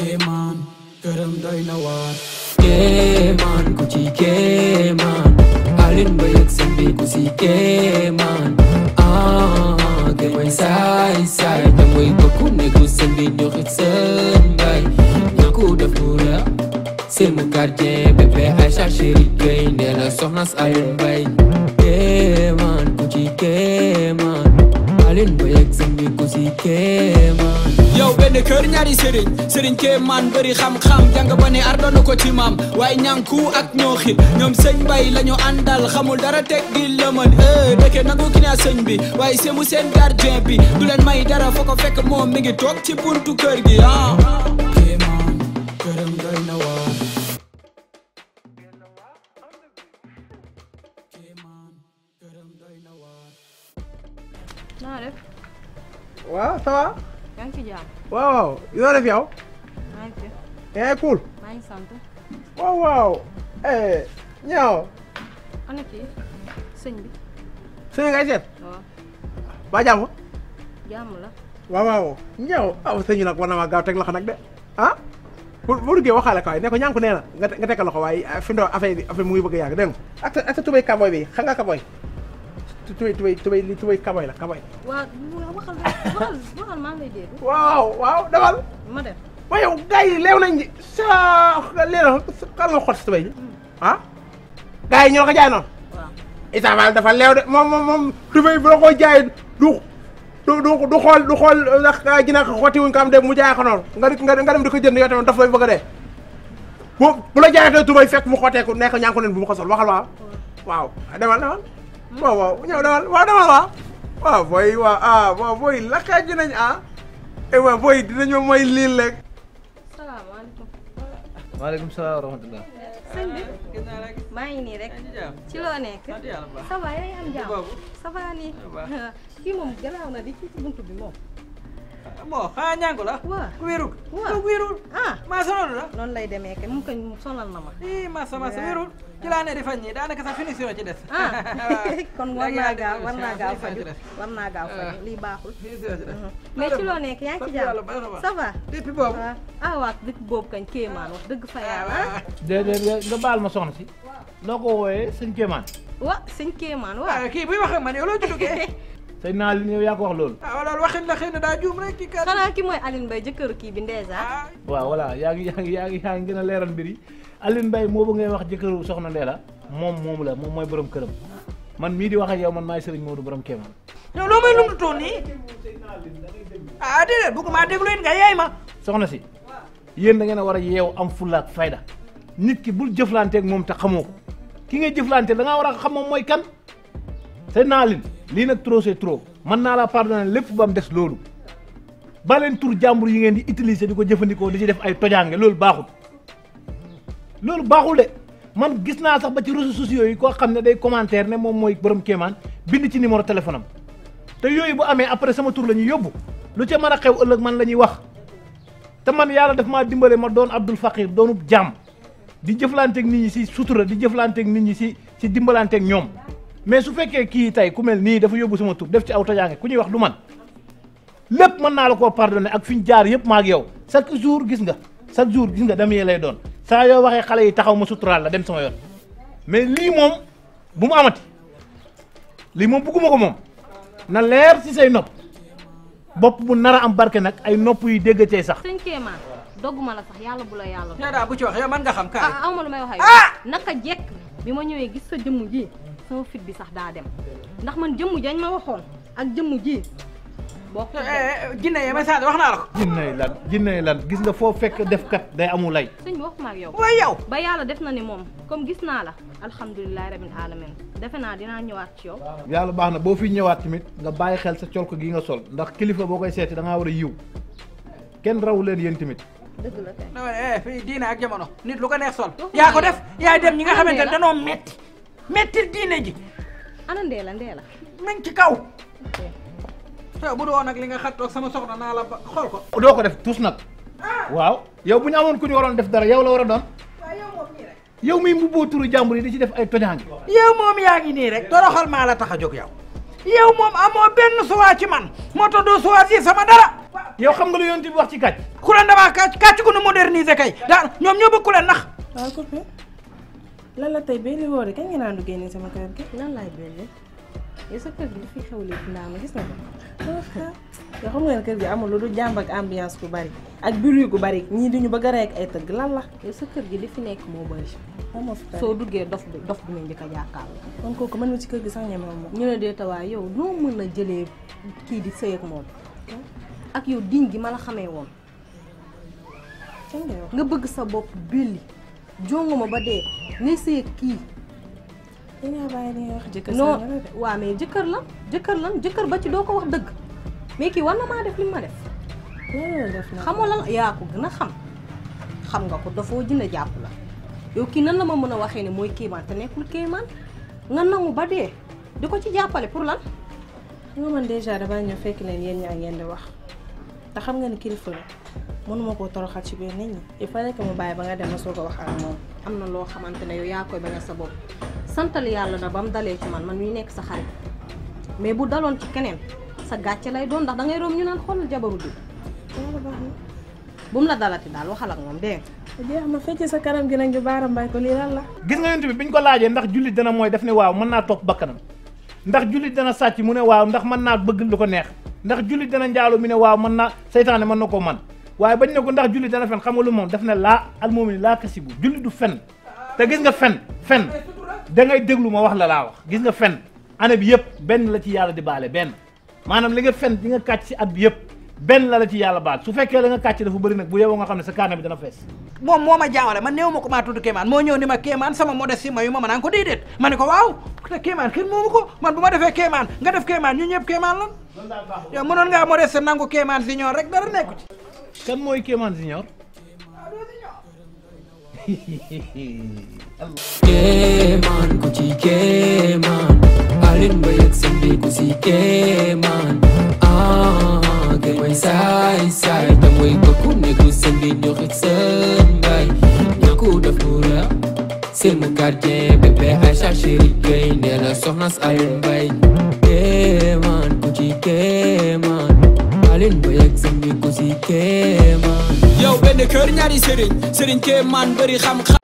kéemaan këram na waar kéemaan ku ci kéemaan Alioune Mbaye seen bi ku ci kéemaan ah te mooy saay saay te mooy bokku néegu seen bi ñu xit seen mbay ñaku def lu la seen mu quartier bébé ay chargéri gay nee la soxnas Alioune Mbaye kéemaan ku ci kéemaan naa leen ba yegg seen mi ko si yow benn kër ñaari sëriñ sëriñ kéemaan bëri xam-xam jàng ba ne ardoon ko ci maam waaye ñànku ak ñoo xit ñoom sëñ bay la ñu àndal xamul dara teg di lëmën e eh, dëkke nangu ki naa sëñ bi waaye semu seen gardien bi du leen may dara foo ko fekk moom mi ngi toog ci buntu kër gi ah waaw ça va. ngi ci jàmm. waaw yoo def yow. maa ngi yaa ngi cool. maa ngi sant. waaw waaw. Eh, ñaaw. ana kii sëñ bi. sëñ bi ba jàmm. jàmm ñaaw ah sëñ bi nag war na maa gaaw teg loxo nag de ah. bu bu duggee waxaale kaay ne ko ñànku nee na nga teg nga teg fi mu ne affaire bi affaire mu ngi tubay kaboy bi xam kaboy. tubéy tubéy tubéy li tubéy kabay la kabay. waaw waxal waxal waaw waaw demal. ma def waaye nañ di saa leeral xar nga hmm. ah? yi ñoo ko jaay noonu. dafa leew moom moom moom tubéy bu la ko jaay du du du xool du xool euh, ndax ginnaaw ko xotti wuñ am mu jaay ko noonu nga di nga dem di ko jënd yow tamit daf lay a dee. bu mu xotee ko nekk ñaa ngi ko neen bu ma ko waxal waaw demal demal. waaw waaw ñëw dawal waaw dawal waaw waaw booy waaw ah waaw booy lakkaay ji nañ ah e waaw booy dinañu mooy lii rek salaamaaleykum maaleykum salaam wa rahmatulah sëñ bi maa ngi nii rek ci loo nekk ça va yaa ngi am jàmm ça va nii fii moom garaaw na di ci buntu bi moom bon xanaa ñànku la. waaw ku wérul. waaw ku wérul. ah maa sonal la. noonu lay demee kay mu kañ sonal na ma. ii masa masa wérul. Ya. ci laa ne di fañ ñii daanaka sax finition ci des. ah kon war naa gaaw war naa gaaw faju war naa gaaw faju lii baaxul. mais ci loo nekk yaa ngi ci jàmm ça va. depuis boobu ah waaw depuis boobu kañ kéemaan wax dëgg fa yàlla. déedéet nga baal ma soxna si. noo ko wooyee sëñ wa sëñ kéemaan waaw. kii ah, buy wax man yow ya, loo ci duggee. Ya. sëñ naa li yow yaa ko wax loolu. Ah, daal waxin la xëy na daa juum rek. kii xanaa ki mooy Aline Mbaye jëkkëru kii bi Ndeye Sarr. waaw voilà yaa ngi yaa ngi yaa ngi yaa ngi gën a leeral mbir yi ngay wax jëkkëru soxna Ndeye la moom la moom mooy borom këram man mii di wax ak yow man maay Serigne Modou borom Kéemaan. yow loo may lumtu toon nii ah déedéet bëgguma déglu it nga yaay ma. soxna si yéen da ngeen a war a yeew am fulla ak fayda nit ki bul jëflanteeg moom te xamoo ko ki ngay jëflante da ngaa war xam moom mooy kan te naa leen lii trop c'est trop man na la pardonné lepp ba mu des loolu ba leen tur jàmbur yi ngeen di utiliser diko ko di ci def ay tojaange lolu baxul lolu baxul de man gis na sax ba ci réseaux sociaux yi ko xam ne day commentaire ne mom moy borom kéman bind ci numéro téléphone am té yoy bu amé après sama tur lañuy yobbu lu ci mara xew ëlëk man lañuy wax té man yalla daf ma dimbalé ma doon Abdul Fakir doonub jam di ak nit ñi ci sutura di ak nit ñi si dimbalanté ak ñom mais su fekkee kii tey ku mel nii dafa yóbbu sama tur def ci aw tajaange ku ñuy wax du man lépp mën naa la koo pardonné ak fi ñu jaar yëpp maag yow chaque jour gis nga chaque jour gis nga dem yee lay doon saa yoo waxee xale yi taxaw ma suturaal la dem sama yoon mais lii moom bu mu amati lii moom bugguma ko moom na leer si say nopp bopp bu nar a am barke nag ay nopp yu déggatee sax. cinquièmement dogguma la sax yàlla bu la yàlla. nee naa bu ci wax yow mën nga xam. ka ah ma lu may wax ak yow. Ah! naka jekk bi ma ñëwee gis sa jëmm ji. sama fit bi sax daa dem ndax man jëmm jañ ma waxoon ak jëmm ji bokk eh, eh, eh, jinne ma saa wax naa la ko jinne yi lan jinne yi lan gis nga foo fekk def kat day amul lay sëñ bi waxuma ak yow way ba yàlla def na ni moom comme gis naa la alhamdulilahi rabbil alamin defe naa dinaa ñëwaat ci yow yàlla baax na boo fi ñëwaat tamit nga bàyyi xel sa colko gi nga sol ndax kilifa boo koy seeti da war a yiw kenn raw leen yéen tamit dëgg ak jamono nit lu ko neex sol yaa ko def yaay dem ñi nga xamante ne mettil diine ji. ana ndeela ndeela. nañ ci kaw. te bu doon nag li nga xat ak sama soxna naa la ba ko. doo ko def tuus nag. Ah. waaw yow bu ñu amoon ku ñu waroon def dara yow la war a doon. yow mii mu boo turu jàmbur yi di ci def ay tojaange. yow moom yaa ngi nii rek toroxal maa la tax a jóg yow. yow moom amoo benn suwaa ci man moo tax doo suwaa si sama dara. yow xam nga lu yoon bi wax ci kàcc. ku leen damaa kàcc kàcc gu nu moderniser kay. daan ñoom ñoo bëgg ku leen nax. lan la tey belli woo de kañ nga naan du génne sama kër gi lan lay belli yow sa kër gi dafay xew léegi ndaa gis na ko yow xam nga kër gi amul lu du jàmb ak ambiance bu bari ak bruit gu bari ñii duñu bëgg a ay tëgg lan la yow sa kër gi li fi nekk moo bëri soo duggee dof bi dof bi nga njëkk a jàkkaarloo kon kooku man ma ci kër gi sax ñeme moom ñu ne dee tawaay yow noo mën a jëlee kii di sëy ak moom ak yow diñ gi ma la xamee woon nga bëgg sa bopp billi jonguma ba dee ne see kii. dañoo bàyyi jëkkër mais jëkkër la jëkkër la jëkkër ba ci doo ko wax dëgg mais kii war na maa def li ma def. xamoo lan yaa ko gën a xam xam nga ko dafoo jënd jàpp la yow kii nan la ma mën a waxee ne mooy kéemaan te nekkul kéemaan nga nangu ba dee di ko ci jàppale pour lan. xam nga man dèjà damaa ñëw fekk leen yéen ñaa ngeen di wax te xam nga ni kilifa la mënuma koo toroxal ci biir nit ñi il fallait que mu bàyyi ba nga dem soog a wax ak moom am na loo xamante ne yow yaa koy bañ sa bopp santal yàlla na ba mu dalee ci man man mi nekk sa xarit mais bu daloon ci keneen sa gàcce lay doon ndax da ngay room ñu naan xoolal jabaru bi bu mu la dalati daal waxal ak moom jeex ma fecc sa kanam gi baaram ko lii lan la gis nga yonent bi biñ ko laajee ndax jullit dana mooy def ne waaw mën naa topp bakkanam ndax jullit dana sàcc mu ne waaw ndax mën bëgg lu ko neex ndax jullit dana njaalu mu ne waaw mën naa seytaane mën man waaye bañ ne ndax julli dana fen xam nga lu moom daf ne laa almu'min laa kasibu julli nga fen fen da ngay déglu ma wax la wax gis nga fen année bi yëpp benn la ci yàlla di baale benn maanaam li nga fen li nga kàcc si at bi yëpp benn la la ci yàlla baal su fekkee la nga kàcc dafa bëri nag bu yeboo nga xam ne sa kaana bi dana fees moom moo ma jaawale man néew ma ko maa tudd Kéemaan moo ñëw ni ma Kéemaan sama modeste mayu ma ma naan ko déedéet ma ne ko waaw te Kéemaan kenn moomu ko man bu ma defee Kéemaan nga def Kéemaan ñu ñëpp Kéemaan lan yow mënoon ngaa modeste nangu Kéemaan si ñoom rek dara nekku kan mooy Kéemaan Junior Kéemaan ku ci Kéemaan Alioune Mbaye ak Sembé ku ci Kéemaan ah gay mooy saay saay te mooy bëggu ne ku Sembé ñoo xit seen mbay ñoo ko def buura c'est mon gardien bébé Aïcha chéri gay ne la soxnas Alioune Mbaye Kéemaan ku ci Kéemaan leen ba yegg seen yëngu si kéemaan yow xam-xam